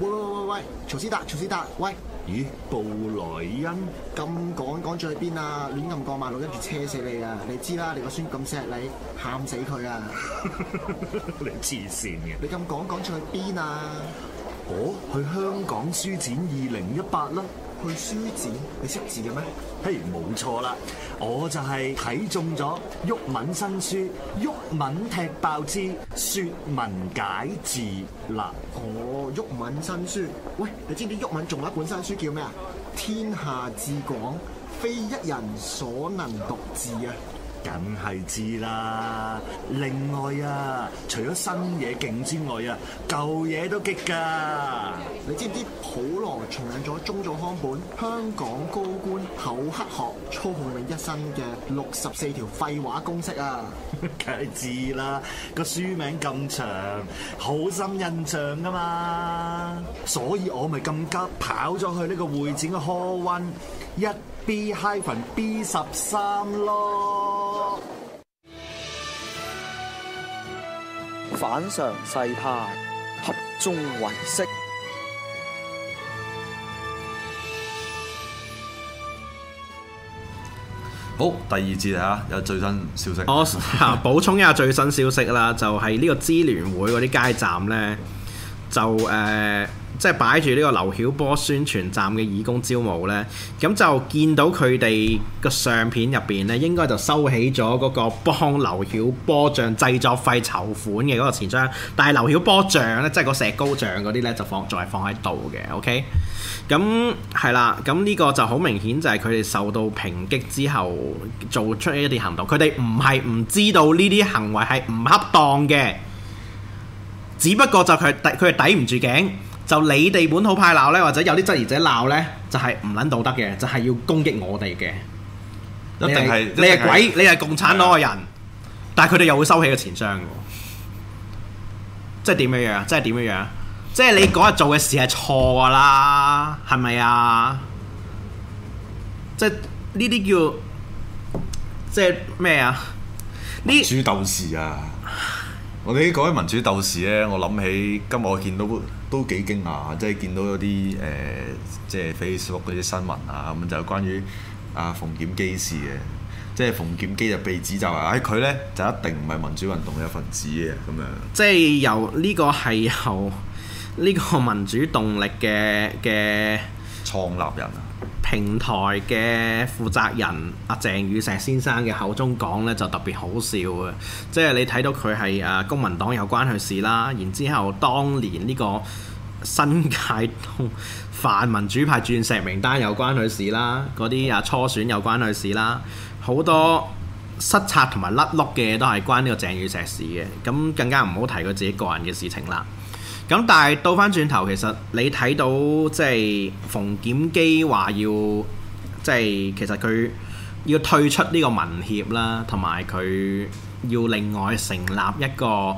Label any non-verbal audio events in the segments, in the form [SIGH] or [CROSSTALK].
喂喂喂喂，曹思達，曹思達，喂！咦，布萊恩，咁趕趕咗去邊啊？亂咁過馬路，跟住車死你啊！你知啦，你個孫咁錫你，喊死佢啊！你黐線嘅，你咁趕趕咗去邊啊？哦，去香港書展二零一八啦！去書展，你識字嘅咩？嘿，冇錯啦，我就係睇中咗鬱文新書《鬱文踢爆之説文解字》啦。哦，鬱文新書，喂，你知唔知鬱文仲有一本新書叫咩啊？天下至廣，非一人所能獨治啊！梗係知啦！另外啊，除咗新嘢勁之外啊，舊嘢都激噶。你知唔知好耐重印咗中咗康本《香港高官厚黑學操控你一生》嘅六十四條廢話公式啊？梗係知啦，個書名咁長，好深印象噶嘛。所以我咪咁急跑咗去呢個會展嘅柯温一。B-hyphen B 十三咯，反常世派，合眾唯識。好，第二節嚟啦，有最新消息。我補 [LAUGHS] 啊、充一下最新消息啦，就係、是、呢個支聯會嗰啲街站咧，就誒。呃即係擺住呢個劉曉波宣傳站嘅義工招募呢，咁就見到佢哋個相片入邊呢，應該就收起咗嗰個幫劉曉波像製作費籌款嘅嗰個錢箱，但係劉曉波像呢，即係個石膏像嗰啲呢，就放仲係放喺度嘅。OK，咁係啦，咁呢個就好明顯就係佢哋受到抨擊之後做出一啲行動。佢哋唔係唔知道呢啲行為係唔恰當嘅，只不過就佢佢係抵唔住頸。就你哋本土派鬧咧，或者有啲質疑者鬧咧，就係唔撚道德嘅，就係、是、要攻擊我哋嘅。一定係你係們鬼，你係共產黨嘅人，是啊、但係佢哋又會收起個錢箱嘅，即係點樣樣？即係點樣樣？即係你嗰日做嘅事係錯㗎啦，係咪啊？即係呢啲叫即係咩啊？民主鬥士啊， [LAUGHS] 啊！我哋講起民主鬥士咧，我諗起今日我見到。都幾驚訝，即係見到有啲誒，即係 Facebook 嗰啲新聞啊，咁就關於阿馮檢基事嘅，即係馮檢基就被指就話，哎佢呢就一定唔係民主運動嘅一份子嘅，咁樣。即係由呢個係由呢個民主動力嘅嘅創立人啊。平台嘅負責人阿鄭宇石先生嘅口中講呢，就特別好笑嘅，即係你睇到佢係誒公民黨有關佢事啦，然之後當年呢個新界東泛民主派鑽石名單有關佢事啦，嗰啲啊初選有關佢事啦，好多失策同埋甩碌嘅都係關呢個鄭宇石事嘅，咁更加唔好提佢自己個人嘅事情啦。咁但係倒翻轉頭，其實你睇到即係馮檢基話要即係、就是、其實佢要退出呢個民協啦，同埋佢要另外成立一個誒、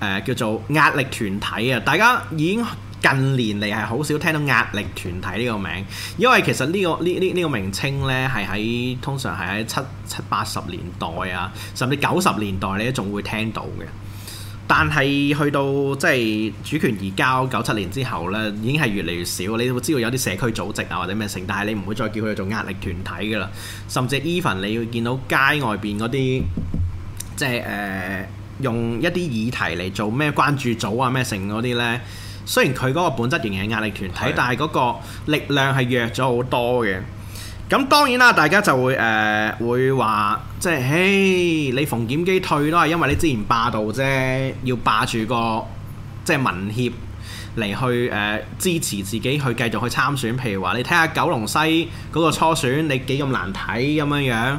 呃、叫做壓力團體啊！大家已經近年嚟係好少聽到壓力團體呢個名，因為其實呢、這個呢呢呢個名稱呢係喺通常係喺七七八十年代啊，甚至九十年代你都仲會聽到嘅。但係去到即係主權移交九七年之後呢，已經係越嚟越少。你會知道有啲社區組織啊或者咩成，但係你唔會再叫佢做壓力團體㗎啦。甚至 even 你會見到街外邊嗰啲，即係、呃、用一啲議題嚟做咩關注組啊咩成嗰啲呢。雖然佢嗰個本質仍然係壓力團體，是的 但係嗰個力量係弱咗好多嘅。咁當然啦，大家就會誒、呃、會話，即係誒你馮檢基退都係因為你之前霸道啫，要霸住個即係民協嚟去誒、呃、支持自己去繼續去參選。譬如話，你睇下九龍西嗰個初選，你幾咁難睇咁樣樣。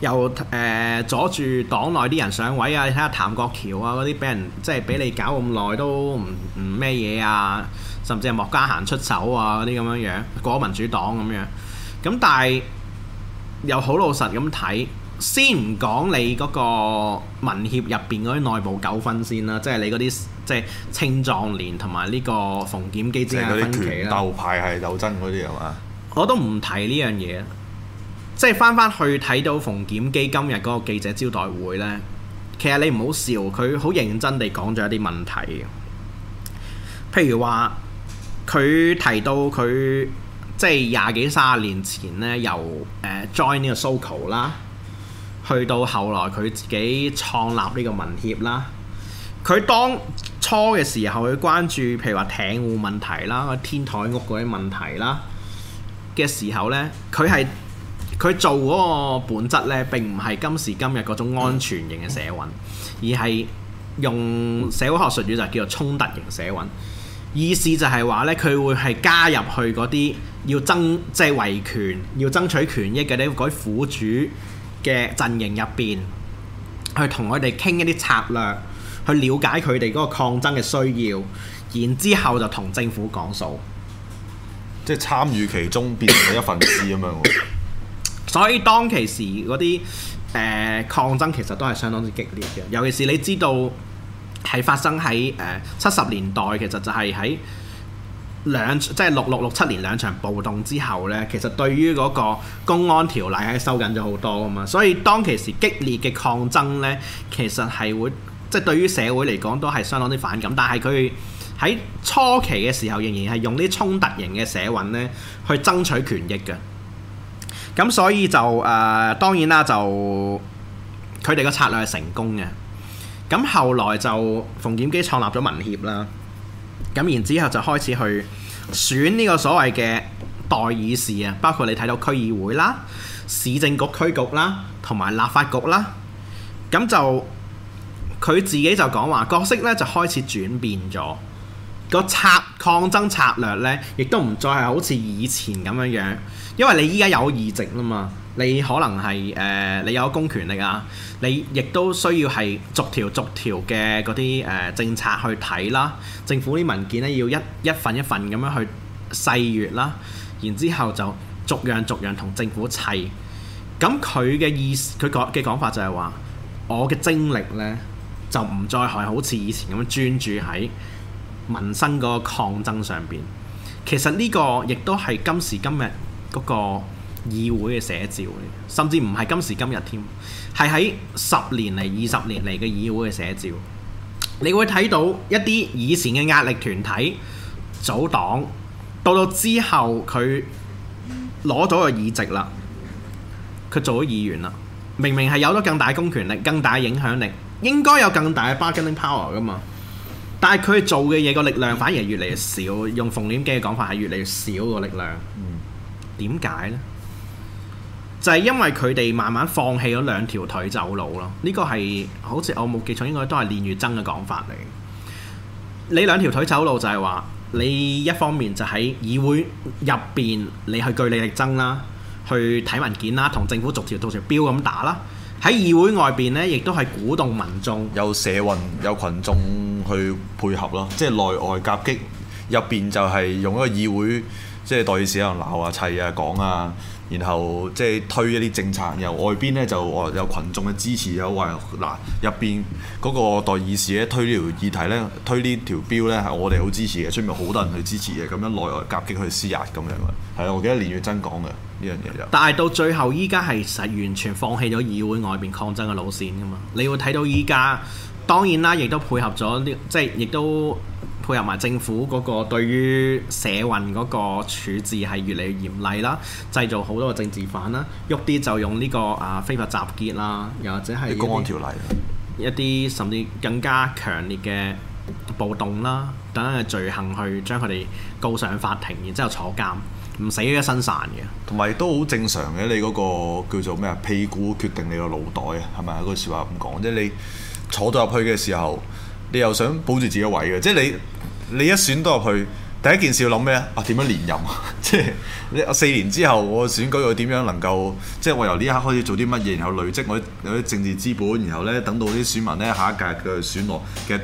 又誒、呃、阻住黨內啲人上位啊！睇下譚國僑啊嗰啲俾人即係俾你搞咁耐都唔唔咩嘢啊！甚至係莫嘉嫻出手啊嗰啲咁樣樣過民主黨咁樣。咁但係又好老實咁睇，先唔講你嗰個民協入邊嗰啲內部糾紛先啦，即係你嗰啲即係青壯年同埋呢個馮檢基之間分歧、啊、鬥派系鬥爭嗰啲係咪？我都唔提呢樣嘢。即係返返去睇到馮檢基今日嗰個記者招待會呢，其實你唔好笑，佢好認真地講咗一啲問題。譬如話，佢提到佢即係廿幾三十年前呢，由 join 呢、呃、個 SoCO 啦，去到後來佢自己創立呢個民協啦。佢當初嘅時候去關注，譬如話艇戶問題啦、天台屋嗰啲問題啦嘅時候呢，佢係、嗯。佢做嗰個本質呢，並唔係今時今日嗰種安全型嘅社運，而係用社會學術語就叫做衝突型社運。意思就係話呢，佢會係加入去嗰啲要爭即係、就是、維權、要爭取權益嘅呢，嗰啲苦主嘅陣營入邊，去同佢哋傾一啲策略，去了解佢哋嗰個抗爭嘅需要，然之後就同政府講數，即係參與其中變成一份子咁樣。 [COUGHS] 所以當其時嗰啲誒抗爭其實都係相當之激烈嘅，尤其是你知道係發生喺誒七十年代，其實就係喺兩即係六六六七年兩場暴動之後呢，其實對於嗰個公安條例係收緊咗好多啊嘛，所以當其時激烈嘅抗爭呢，其實係會即係、就是、對於社會嚟講都係相當之反感，但係佢喺初期嘅時候仍然係用啲衝突型嘅社運呢去爭取權益嘅。咁所以就誒、呃，當然啦，就佢哋個策略係成功嘅。咁後來就馮檢基創立咗民協啦。咁然之後就開始去選呢個所謂嘅代議士啊，包括你睇到區議會啦、市政局區局啦，同埋立法局啦。咁就佢自己就講話角色咧，就開始轉變咗。個策抗爭策略呢，亦都唔再係好似以前咁樣樣，因為你依家有議席啦嘛，你可能係誒、呃、你有公權力啊，你亦都需要係逐條逐條嘅嗰啲誒政策去睇啦，政府啲文件呢，要一一份一份咁樣去細閲啦，然之後就逐樣逐樣同政府砌。咁佢嘅意佢講嘅講法就係話，我嘅精力呢，就唔再係好似以前咁樣專注喺民生嗰個抗爭上邊，其實呢個亦都係今時今日嗰個議會嘅寫照，甚至唔係今時今日添，係喺十年嚟、二十年嚟嘅議會嘅寫照。你會睇到一啲以前嘅壓力團體組黨，到到之後佢攞咗個議席啦，佢做咗議員啦。明明係有咗更大嘅公權力、更大嘅影響力，應該有更大嘅 bargaining power 噶嘛。但係佢做嘅嘢個力量反而係越嚟越少，用馮檢基嘅講法係越嚟越少個力量。點解呢？就係、是、因為佢哋慢慢放棄咗兩條腿走路咯。呢、這個係好似我冇記錯，應該都係練乙錚嘅講法嚟。你兩條腿走路就係話，你一方面就喺議會入邊，你去據理力爭啦，去睇文件啦，同政府逐條逐條標咁打啦。喺議會外邊咧，亦都係鼓動民眾有社運有群眾去配合咯，即係內外夾擊。入邊就係用一個議會，即係代議士喺度鬧啊、砌啊、講啊，然後，說說然後即係推一啲政策。然後外邊咧就有群眾嘅支持，有話嗱入邊嗰個代議士咧推呢條議題咧，推呢條標咧，係我哋好支持嘅，出面好多人去支持嘅，咁樣內外夾擊去施壓咁樣嘅。係啊，我記得連月真講嘅。呢樣嘢，但係到最後依家係實完全放棄咗議會外邊抗爭嘅路線噶嘛？你會睇到依家，當然啦，亦都配合咗呢，即係亦都配合埋政府嗰個對於社運嗰個處置係越嚟越嚴厲啦，製造好多政治犯啦，喐啲就用呢個啊非法集結啦，又或者係公安條例，一啲甚至更加強烈嘅暴動啦，等等嘅罪行去將佢哋告上法庭，然之後坐監。唔死一身散嘅，同埋都好正常嘅。你嗰個叫做咩啊？屁股決定你個腦袋啊，係咪啊？個説話唔講，即係你坐到入去嘅時候，你又想保住自己位嘅，即係你你一選到入去，第一件事要諗咩啊？啊，點樣連任啊？ [LAUGHS] 即係你四年之後我選舉又點樣能夠，即係我由呢一刻開始做啲乜嘢，然後累積我有啲政治資本，然後呢，等到啲選民呢下一屆嘅選落嘅。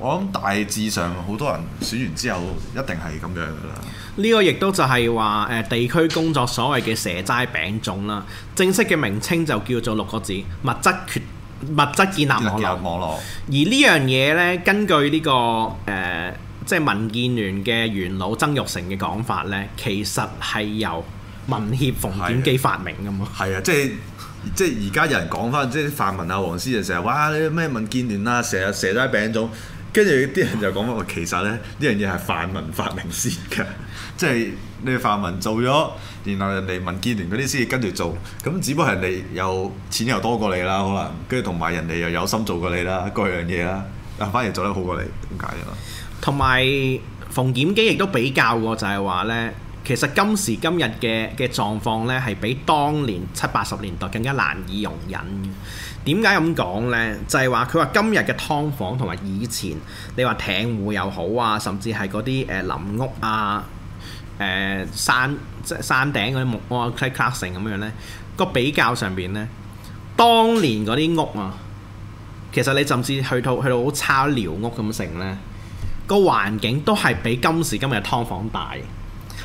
我諗大致上好多人選完之後一定係咁樣噶啦。呢個亦都就係話誒地區工作所謂嘅蛇齋餅種啦。正式嘅名稱就叫做六個字物質決物質建立網絡,立網絡而呢樣嘢呢，根據呢、呢個誒、呃、即係民建聯嘅元老曾鈺成嘅講法呢，其實係由民協馮檢基發明噶嘛。係啊，即係即係而家有人講翻，即係啲泛民啊、黃絲就成日話咩民建聯啊，成日蛇齋餅種。跟住啲人就講乜話？其實咧，呢樣嘢係泛民發明先嘅，即係你泛民做咗，然後人哋民建聯嗰啲先至跟住做，咁只不過人哋又錢又多過你啦，可能跟住同埋人哋又有心做過你啦，各樣嘢啦，啊反而做得好過你，點解嘅？同埋馮檢基亦都比較過，就係話呢，其實今時今日嘅嘅狀況呢，係比當年七八十年代更加難以容忍。點解咁講呢？就係話佢話今日嘅劏房同埋以前，你話艇戶又好啊，甚至係嗰啲誒林屋啊、誒山即山頂嗰啲木屋、啊、cliff house 咁樣呢個比較上邊呢，當年嗰啲屋啊，其實你甚至去到去到好差寮屋咁成，呢個環境都係比今時今日嘅劏房大，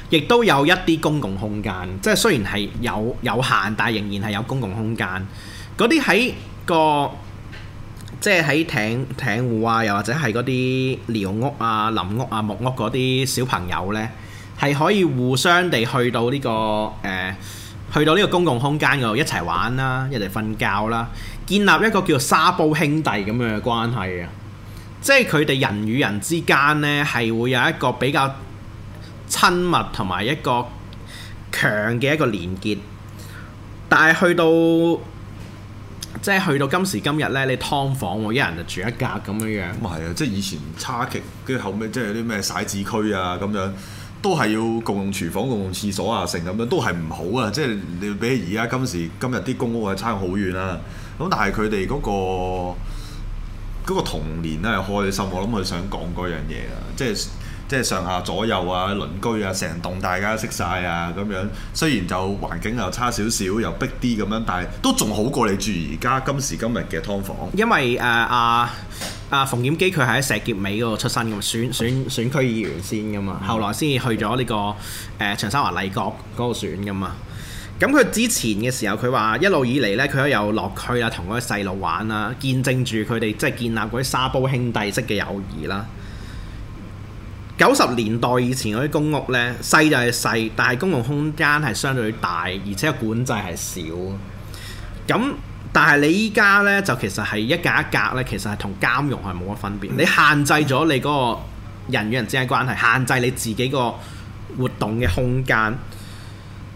亦都有一啲公共空間，即係雖然係有有限，但係仍然係有公共空間。嗰啲喺個即係喺艇艇戶啊，又或者係嗰啲寮屋啊、林屋啊、木屋嗰啲小朋友呢，係可以互相地去到呢、呢個、呃、去到呢個公共空間度一齊玩啦，一齊瞓覺啦，建立一個叫做沙煲兄弟咁樣嘅關係啊！即係佢哋人與人之間呢，係會有一個比較親密同埋一個強嘅一個連結，但係去到即係去到今時今日呢，你劏房，一人就住一格咁樣樣，啊。咁啊即係以前差極，跟住後尾，即係啲咩徙置區啊咁樣，都係要共用廚房、共用廁所啊，成咁樣都係唔好啊！即係你比起而家今時今日啲公屋啊，差好遠啦。咁但係佢哋嗰個嗰個童年咧係開心，我諗佢想講嗰樣嘢啊，即係。即係上下左右啊，鄰居啊，成棟大家識晒啊，咁樣雖然就環境又差少少，又逼啲咁樣，但係都仲好過你住而家今時今日嘅劏房。因為誒阿阿馮檢基佢喺石硤尾嗰度出身噶嘛，選選選，選區議員先噶嘛，後來先至去咗呢、這個誒、呃、長沙灣麗閣嗰個選噶嘛。咁佢之前嘅時候，佢話一路以嚟呢，佢都有落區啊，同嗰啲細路玩啊，見證住佢哋即係建立嗰啲沙煲兄弟式嘅友誼啦。九十年代以前嗰啲公屋呢，細就係細，但係公共空間係相對大，而且管制係少。咁，但係你依家呢，就其實係一格一格呢，其實係同監獄係冇乜分別。你限制咗你嗰個人與人之間關係，限制你自己個活動嘅空間，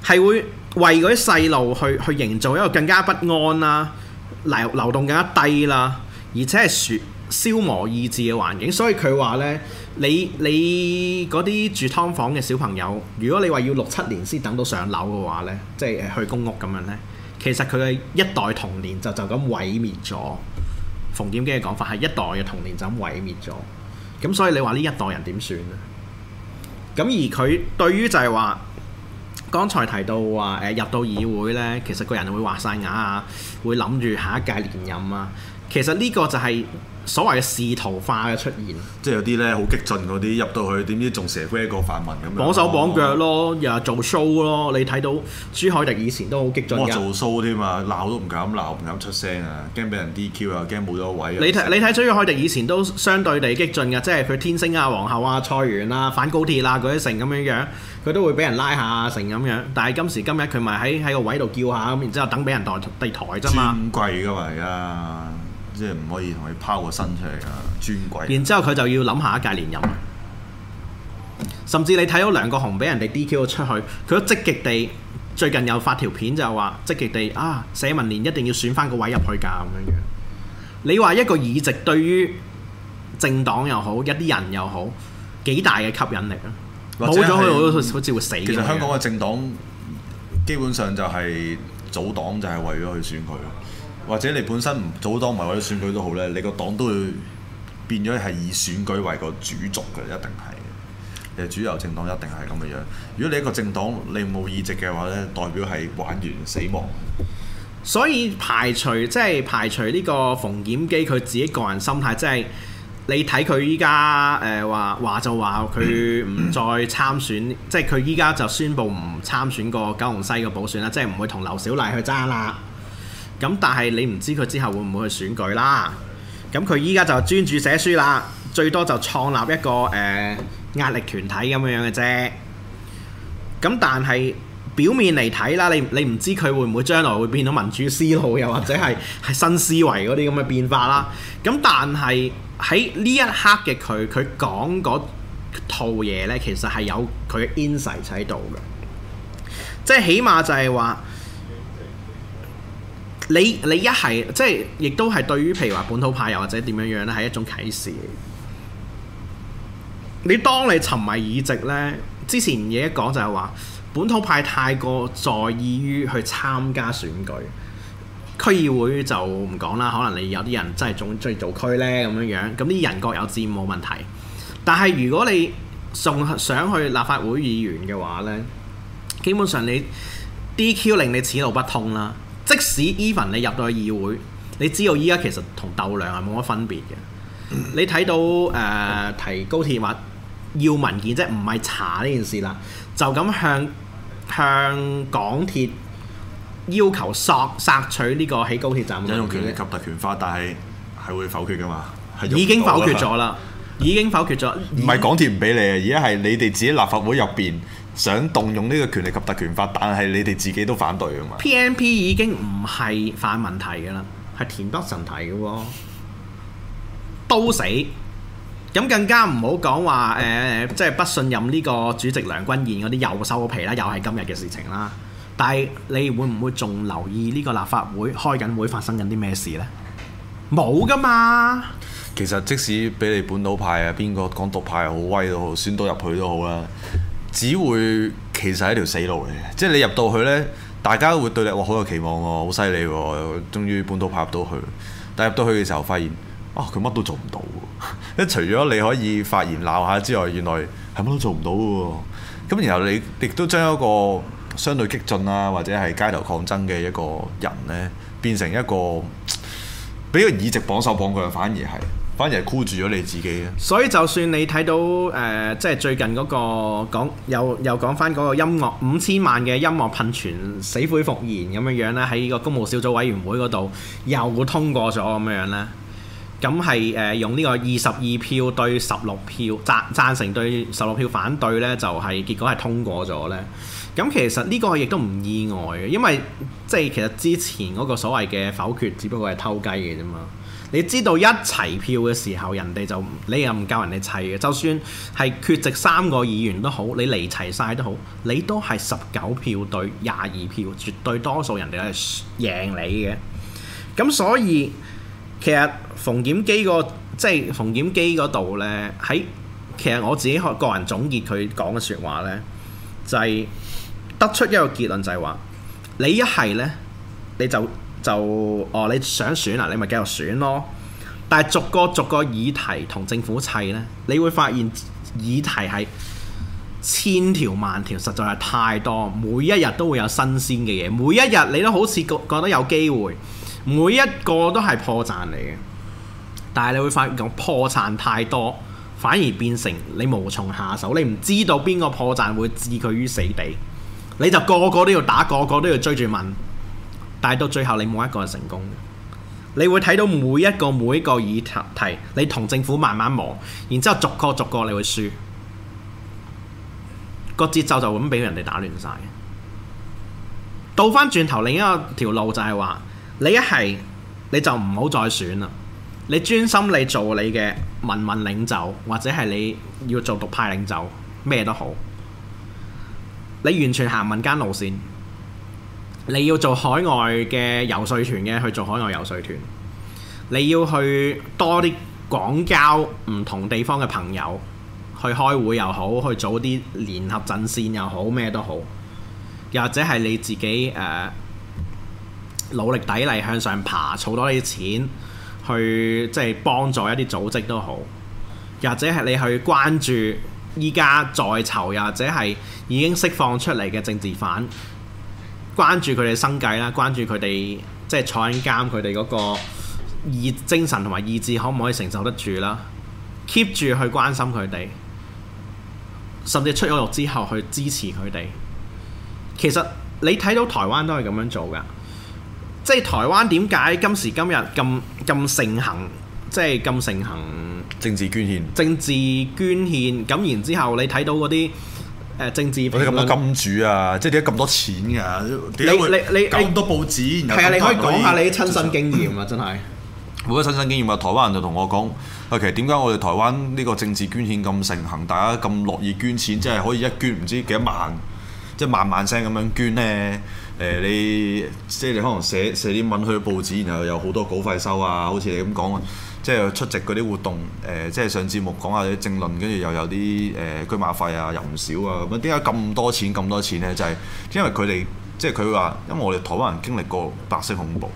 係會為嗰啲細路去去營造一個更加不安啦，流流動更加低啦，而且係説，消磨意志嘅環境，所以佢話呢，你你嗰啲住劏房嘅小朋友，如果你話要六七年先等到上樓嘅話呢，即係去公屋咁樣呢，其實佢嘅一代童年就就咁毀滅咗。馮檢基嘅講法係一代嘅童年就咁毀滅咗，咁所以你話呢一代人點算啊？咁而佢對於就係話，剛才提到話誒、呃、入到議會呢，其實個人會話晒牙啊，會諗住下一屆連任啊。其實呢個就係、是。所謂嘅仕途化嘅出現，即，即係有啲咧好激進嗰啲入到去，點知仲蛇一個泛民咁樣，綁手綁腳咯，哦、又做 show 咯，你睇到朱凱迪以前都好激進，哦，我做 show 添啊，鬧都唔敢鬧，唔敢出聲啊，驚俾人 DQ 啊，驚冇咗位。你睇你睇朱凱迪以前都相對地激進嘅，即係佢天星啊、皇后啊、菜園啊、反高鐵啊嗰啲城咁樣樣，佢都會俾人拉下城咁樣。但係今時今日佢咪喺喺個位度叫下咁，然之後等俾人代地台啫嘛。尊貴嘅嘛，而家！即係唔可以同佢拋個身出嚟啊！尊貴。然之後佢就要諗下一屆連任。甚至你睇到梁國雄俾人哋 DQ 咗出去，佢都積極地最近又發條片就係話積極地啊，社民連一定要選翻個位入去㗎咁樣樣。你話一個議席對於政黨又好，一啲人又好，幾大嘅吸引力啊！冇咗佢，好似會死。其實香港嘅政黨基本上就係組黨就係為咗去選佢。或者你本身唔組黨，唔或者選舉都好咧，你個黨都會變咗係以選舉為個主軸嘅，一定係誒主流政黨一定係咁嘅樣。如果你一個政黨你冇議席嘅話咧，代表係玩完死亡。所以排除即係、就是、排除呢個馮檢基佢自己個人心態，即、就、係、是、你睇佢依家誒話話就話佢唔再參選，即係佢依家就宣佈唔參選個九龍西嘅補選啦，即係唔會同劉小麗去爭啦。咁但係你唔知佢之後會唔會去選舉啦？咁佢依家就專注寫書啦，最多就創立一個誒、呃、壓力團體咁樣嘅啫。咁但係表面嚟睇啦，你你唔知佢會唔會將來會變到民主思路，又或者係係新思維嗰啲咁嘅變化啦。咁但係喺呢一刻嘅佢，佢講嗰套嘢呢，其實係有佢嘅 insight 喺度嘅，即係起碼就係話。你你一係即係，亦都係對於譬如話本土派又或者點樣樣咧，係一種啟示。你當你沉迷議席呢，之前嘢一講就係話本土派太過在意於去參加選舉，區議會就唔講啦。可能你有啲人真係仲中意做區呢，咁樣樣，咁啲人各有志，冇問題。但係如果你仲想去立法會議員嘅話呢，基本上你 DQ 令你此路不通啦。即使 even 你入到去議會，你知道依家其實同鬥量係冇乜分別嘅。你睇到誒、呃、提高鐵話要文件即係唔係查呢件事啦？就咁向向港鐵要求索索取呢個喺高鐵站，引用權力及特權法，但係係會否決嘅嘛？已經否決咗啦，已經否決咗。唔係港鐵唔俾你啊，而家係你哋自己立法會入邊。想動用呢個權力及特權法，但係你哋自己都反對啊嘛。PMP 已經唔係犯問題嘅啦，係田北辰提嘅喎，都死咁更加唔好講話誒，即、呃、係、就是、不信任呢個主席梁君彥嗰啲又收皮啦，又係今日嘅事情啦。但係你會唔會仲留意呢個立法會開緊會發生緊啲咩事呢？冇噶嘛、嗯。其實即使比你本土派啊，邊個港獨派又好，威都好，宣刀入去都好啦。只會其實係一條死路嚟嘅，即係你入到去呢，大家會對你哇好有期望喎，好犀利喎，終於半途爬入到去。但入到去嘅時候發現，啊佢乜都做唔到，一除咗你可以發言鬧下之外，原來係乜都做唔到嘅。咁然後你亦都將一個相對激進啊，或者係街頭抗爭嘅一個人呢，變成一個俾個議席綁手綁腳，反而係，反而係箍住咗你自己嘅，所以就算你睇到誒、呃，即係最近嗰、嗰個講又又講翻嗰個音樂五千萬嘅音樂噴泉死灰復燃咁樣樣咧，喺個公務小組委員會嗰度又通過咗咁樣樣咧，咁係誒用呢個二十二票對十六票贊贊成對十六票反對咧，就係、是、結果係通過咗咧。咁其實呢個亦都唔意外嘅，因為即係其實之前嗰個所謂嘅否決，只不過係偷雞嘅啫嘛。你知道一齊票嘅時候，人哋就唔，你又唔夠人哋砌嘅，就算係缺席三個議員都好，你離齊晒都好，你都係十九票對廿二票，絕對多數人哋係贏你嘅。咁所以其實馮檢基個即係馮檢基嗰度呢，喺其實我自己學個人總結佢講嘅説話呢，就係、是、得出一個結論就係、是、話，你一係呢，你就。就哦，你想選啦，你咪繼續選咯。但係逐個逐個議題同政府砌呢，你會發現議題係千條萬條，實在係太多。每一日都會有新鮮嘅嘢，每一日你都好似覺覺得有機會，每一個都係破綻嚟嘅。但係你會發現破綻太多，反而變成你無從下手。你唔知道邊個破綻會置佢於死地，你就個個都要打，個個都要追住問。但係到最後你冇一個係成功嘅，你會睇到每一個每一個議題，你同政府慢慢磨，然之後逐個逐個你會輸，個節奏就咁畀人哋打亂晒。倒返轉頭另一條路就係話，你一係你就唔好再選啦，你專心你做你嘅民運領袖，或者係你要做獨派領袖，咩都好，你完全行民間路線。你要做海外嘅遊説團嘅，去做海外遊説團。你要去多啲廣交唔同地方嘅朋友，去開會又好，去做啲聯合陣線又好，咩都好。又或者係你自己、呃、努力砥礪向上爬，儲多啲錢去即係幫助一啲組織都好。又或者係你去關注依家在，在囚，又或者係已經釋放出嚟嘅政治犯。關注佢哋生計啦，關注佢哋即係坐緊監，佢哋嗰個意精神同埋意志可唔可以承受得住啦？keep 住去關心佢哋，甚至出咗獄之後去支持佢哋。其實你睇到台灣都係咁樣做嘅，即係台灣點解今時今日咁咁盛行，即係咁盛行政治捐獻？政治捐獻咁，然之後，後你睇到嗰啲。誒政治，我哋咁多金主啊，即係點解咁多錢㗎、啊？點解會咁多報紙？係啊，你可以講下你啲親身經驗啊，算真係的。我啲親身經驗啊，台灣人就同我講，啊其實點解我哋台灣呢個政治捐獻咁盛行，大家咁樂意捐錢，即、就、係、是、可以一捐唔知幾多萬，即、就、係、是、萬萬聲咁樣捐咧。誒、呃，你即係、就是、你可能寫寫啲文去啲報紙，然後有好多稿費收啊，好似你咁講。即係出席嗰啲活動，誒、呃，即係上節目講下啲政論，跟住又有啲誒車馬費啊，又唔少啊，咁樣點解咁多錢咁多錢呢？就係、是、因為佢哋，即係佢話，因為我哋台灣人經歷過白色恐怖，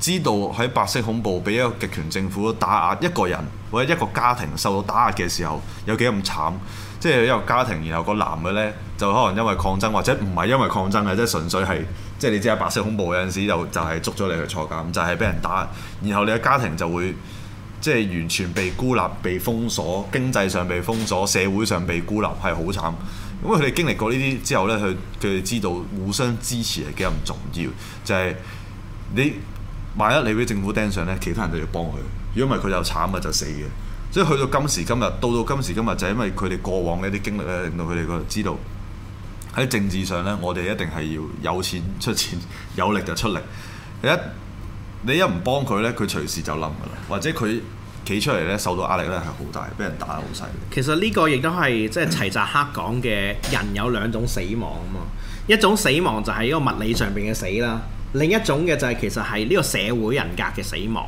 知道喺白色恐怖俾一個極權政府打壓一個人或者一個家庭受到打壓嘅時候有幾咁慘，即係一個家庭，然後個男嘅呢，就可能因為抗爭，或者唔係因為抗爭嘅、就是，即係純粹係，即係你知啊，白色恐怖有陣時就就係捉咗你去坐監，就係、是、俾人打，然後你嘅家庭就會。即係完全被孤立、被封鎖，經濟上被封鎖，社會上被孤立，係好慘。咁佢哋經歷過呢啲之後呢，佢佢哋知道互相支持係幾咁重要。就係、是、你萬一你俾政府盯上呢，其他人都要幫佢。如果唔係佢就慘嘅，就死嘅。所以去到今時今日，到到今時今日就係、是、因為佢哋過往嘅一啲經歷呢，令到佢哋個知道喺政治上呢，我哋一定係要有錢出錢，有力就出力。一你一唔幫佢呢，佢隨時就冧噶啦，或者佢企出嚟呢受到壓力呢係好大，俾人打得好犀利。其實呢個亦都係即係齊澤克講嘅人有兩種死亡啊嘛，一種死亡就係呢個物理上邊嘅死啦，另一種嘅就係其實係呢個社會人格嘅死亡，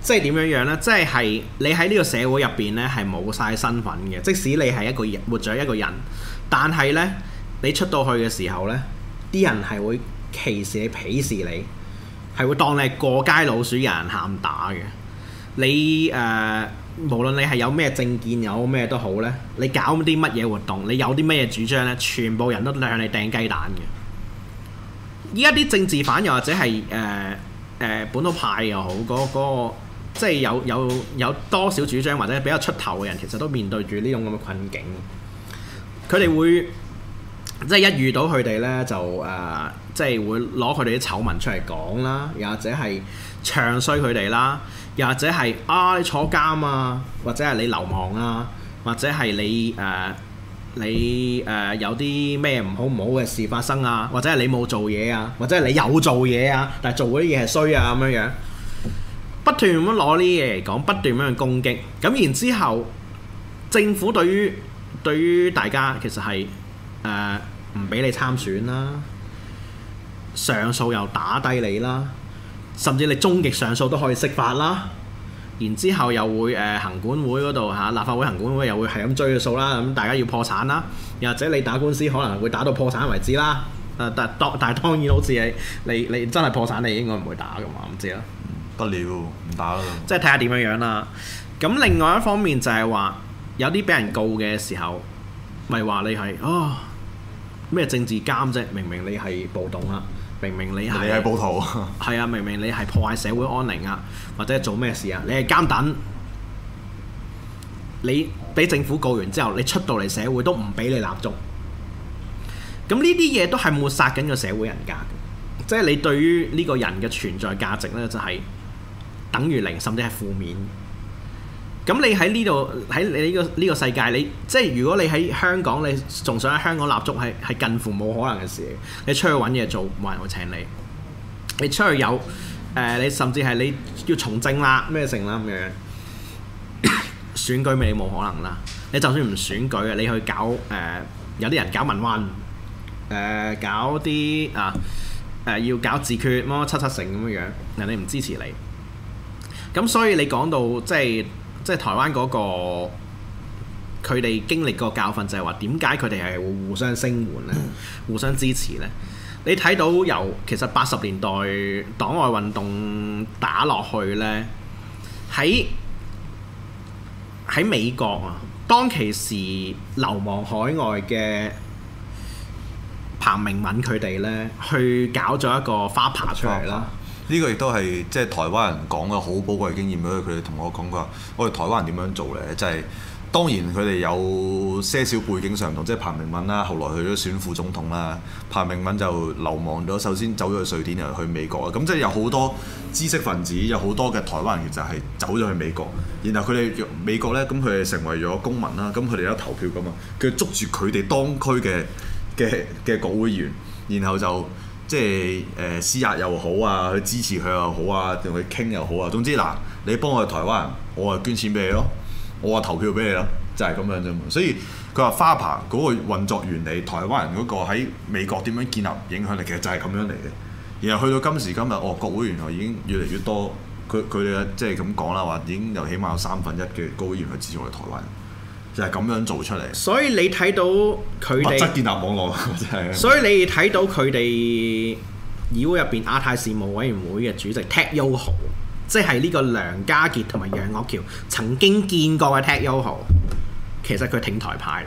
即係點樣樣呢？即係你喺呢個社會入邊呢係冇晒身份嘅，即使你係一個活咗一個人，但係呢，你出到去嘅時候呢，啲人係會歧視你、鄙視你。係會當你係過街老鼠，有人喊打嘅。你誒、呃，無論你係有咩政見，有咩都好咧，你搞啲乜嘢活動，你有啲乜嘢主張咧，全部人都向你掟雞蛋嘅。依家啲政治犯又或者係誒誒本土派又好，嗰、嗰個即係、嗰個即係、有有有多少主張或者比較出頭嘅人，其實都面對住呢種咁嘅困境。佢哋會。即係一遇到佢哋呢，就誒、呃，即係會攞佢哋啲醜聞出嚟講啦，又或者係唱衰佢哋啦，又或者係啊，你坐監啊，或者係你流亡啊，或者係你誒、呃、你誒、呃、有啲咩唔好唔好嘅事發生啊，或者係你冇做嘢啊，或者係你有做嘢啊，但係做嗰啲嘢係衰啊咁樣樣，不斷咁樣攞呢啲嘢嚟講，不斷咁樣攻擊，咁然之後政府對於對於大家其實係。誒唔俾你參選啦，上訴又打低你啦，甚至你終極上訴都可以釋法啦，然之後又會誒、呃、行管會嗰度嚇立法會行管會又會係咁追嘅數啦，咁大家要破產啦，又或者你打官司可能會打到破產為止啦，啊，但當但係當然好似你你你真係破產你應該唔會打㗎嘛，唔知啦，不，不了唔打啦，即係睇下點樣樣啦。咁另外一方面就係話有啲俾人告嘅時候，咪話你係哦。啊咩政治監啫？明明你係暴動啊！明明你係你暴徒，係啊！明明你係破壞社會安寧啊，或者做咩事啊？你係監等，你俾政府告完之後，你出到嚟社會都唔俾你立足。咁呢啲嘢都係抹殺緊個社會人格，即係你對於呢個人嘅存在價值呢，就係等於零，甚至係負面。咁你喺呢度喺你呢個呢個世界，你即係如果你喺香港，你仲想喺香港立足，係係近乎冇可能嘅事。你出去揾嘢做，冇人會請你。你出去有誒、呃，你甚至係你要從政啦，咩成啦咁樣， [LAUGHS] 選舉咪冇可能啦。你就算唔選舉嘅，你去搞誒、呃，有啲人搞民運，誒、呃、搞啲啊誒、呃、要搞自決，乜七七成咁樣樣，人哋唔支持你。咁所以你講到即係。即係台灣嗰、那個佢哋經歷個教訓就係話，點解佢哋係會互相聲援呢？互相支持呢？你睇到由其實八十年代黨外運動打落去呢，喺喺美國啊，當其時流亡海外嘅彭明敏佢哋呢，去搞咗一個花壇出嚟啦。呢個亦都係即係台灣人講嘅好寶貴經驗，佢哋同我講過，我哋台灣人點樣做呢？就係、是、當然佢哋有些少背景上唔同，即係彭明敏啦，後來去咗選副總統啦。彭明敏就流亡咗，首先走咗去瑞典，又去美國啊。咁即係有好多知識分子，有好多嘅台灣人其實係走咗去美國，然後佢哋美國呢，咁佢哋成為咗公民啦，咁佢哋有投票噶嘛？佢捉住佢哋當區嘅嘅嘅國會議員，然後就。即係誒施壓又好啊，去支持佢又好啊，同佢傾又好啊。總之嗱，你幫我台灣人，我話捐錢俾你咯，我話投票俾你咯，就係咁樣啫嘛。所以佢話花棚嗰個運作原理，台灣人嗰個喺美國點樣建立影響力，其實就係咁樣嚟嘅。然後去到今時今日，哦，國會原來已經越嚟越多，佢佢哋即係咁講啦，話已經有起碼有三分一嘅國會議員去支持我哋台灣就係咁樣做出嚟，所以你睇到佢哋質建立網絡， [LAUGHS] 所以你睇到佢哋議會入邊亞太事務委員會嘅主席 Ted Yoho，即係呢個梁家傑同埋楊岳橋曾經見過嘅 Ted Yoho，其實佢挺台派嚟，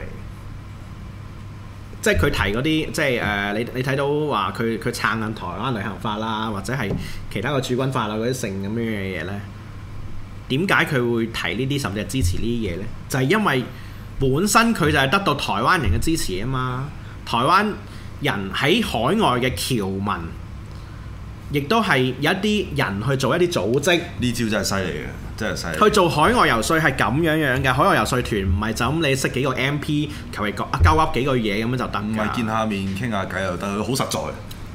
即係佢提嗰啲即係誒你你睇到話佢佢撐緊台灣旅行法啦，或者係其他嘅駐軍法啦嗰啲性咁樣嘅嘢咧。點解佢會提呢啲甚至係支持呢啲嘢呢？就係、是、因為本身佢就係得到台灣人嘅支持啊嘛！台灣人喺海外嘅僑民，亦都係有一啲人去做一啲組織。呢招真係犀利嘅，真係犀利。去做海外游說係咁樣樣嘅，海外游說團唔係就咁，你識幾個 MP 求其交交交幾個嘢咁樣就等㗎。見下面傾下偈又得。係好實在，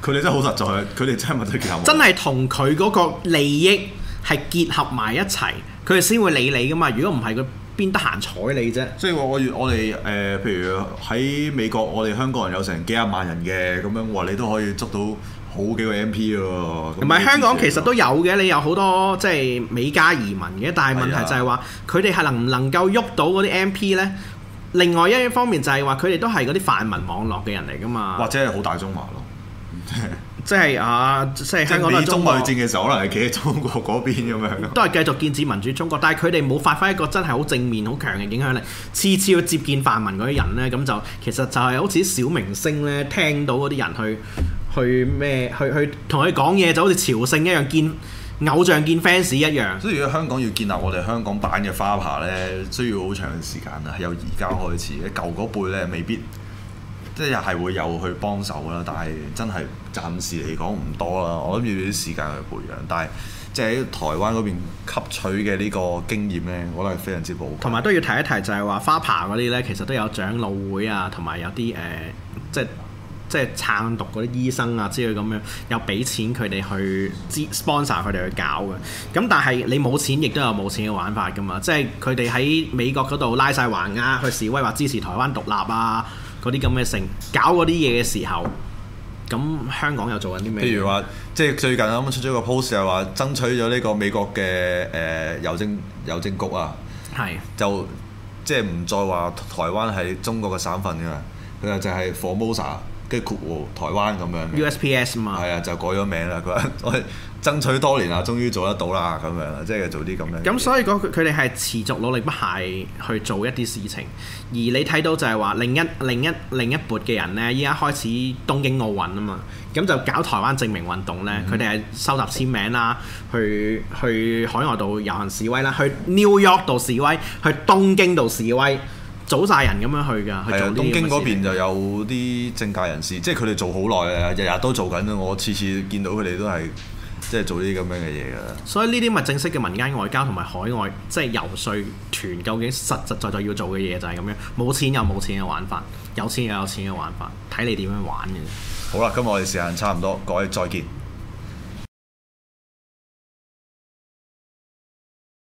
佢哋真係好實在，佢哋真係冇得講。 [LAUGHS] 真係同佢嗰個利益。係結合埋一齊，佢哋先會理你噶嘛。如果唔係，佢邊得閒睬你啫。即係話我我哋誒，譬如喺美國，我哋香港人有成幾十萬人嘅，咁樣我話你都可以捉到好幾個 M P 喎。唔係香港其實都有嘅，你有好多即係美加移民嘅，但係問題就係話佢哋係能唔能夠喐到嗰啲 M P 呢？另外一方面就係話，佢哋都係嗰啲泛民網絡嘅人嚟噶嘛。或者係好大中華咯。 [LAUGHS] 即係啊，即係香港對中國。建中美戰嘅時候，可能係企喺中國嗰邊咁樣。都係繼續建設民主中國，但係佢哋冇發揮一個真係好正面、好強嘅影響力。次次去接見泛民嗰啲人呢，咁就其實就係好似小明星呢，聽到嗰啲人去去咩，去去同佢講嘢，就好似朝聖一樣，見偶像、見 fans 一樣。所以如果香港要建立我哋香港版嘅花壇呢，需要好長嘅時間啊，由而家開始嘅舊嗰輩咧，未必。即係又係會有去幫手啦，但係真係暫時嚟講唔多啦。我諗要啲時間去培養，但係即係喺台灣嗰邊吸取嘅呢個經驗咧，我覺得係非常之寶貴。同埋都要提一提就，就係話花爬嗰啲咧，其實都有長老會啊，同埋有啲誒、呃，即係即係撐獨嗰啲醫生啊之類咁樣，有俾錢佢哋去 sponsor 佢哋去搞嘅。咁但係你冇錢，亦都有冇錢嘅玩法噶嘛。即係佢哋喺美國嗰度拉晒橫額去示威，或支持台灣獨立啊。嗰啲咁嘅城搞嗰啲嘢嘅時候，咁香港又做緊啲咩？譬如話，即係最近啱啱出咗個 post 係話，爭取咗呢個美國嘅誒、呃、郵政郵政局啊，係是的 就即係唔再話台灣係中國嘅省份㗎，佢就就係 Formosa 跟住括號台灣咁樣，USPS 嘛，係 US PS 啊，就改咗名啦。佢話我爭取多年啊，終於做得到啦咁樣，即係做啲咁樣。咁所以講佢哋係持續努力不懈去做一啲事情，而你睇到就係話另一另一另一撥嘅人呢，依家開始東京奧運啊嘛，咁就搞台灣正名運動呢，佢哋係收集簽名啦，去去海外度遊行示威啦，去 New York 度示威，去東京度示威。早晒人咁樣去㗎，去做呢啲嘢。係啊，東京嗰邊就有啲政界人士，即係佢哋做好耐啊，日日都做緊啦。我次次見到佢哋都係即係做啲咁樣嘅嘢㗎。所以呢啲咪正式嘅民間外交同埋海外即係遊説團，究竟實實在在要做嘅嘢就係咁樣，冇錢又冇錢嘅玩法，有錢又有錢嘅玩法，睇你點樣玩嘅。好啦，今日我哋時間差唔多，各位再見。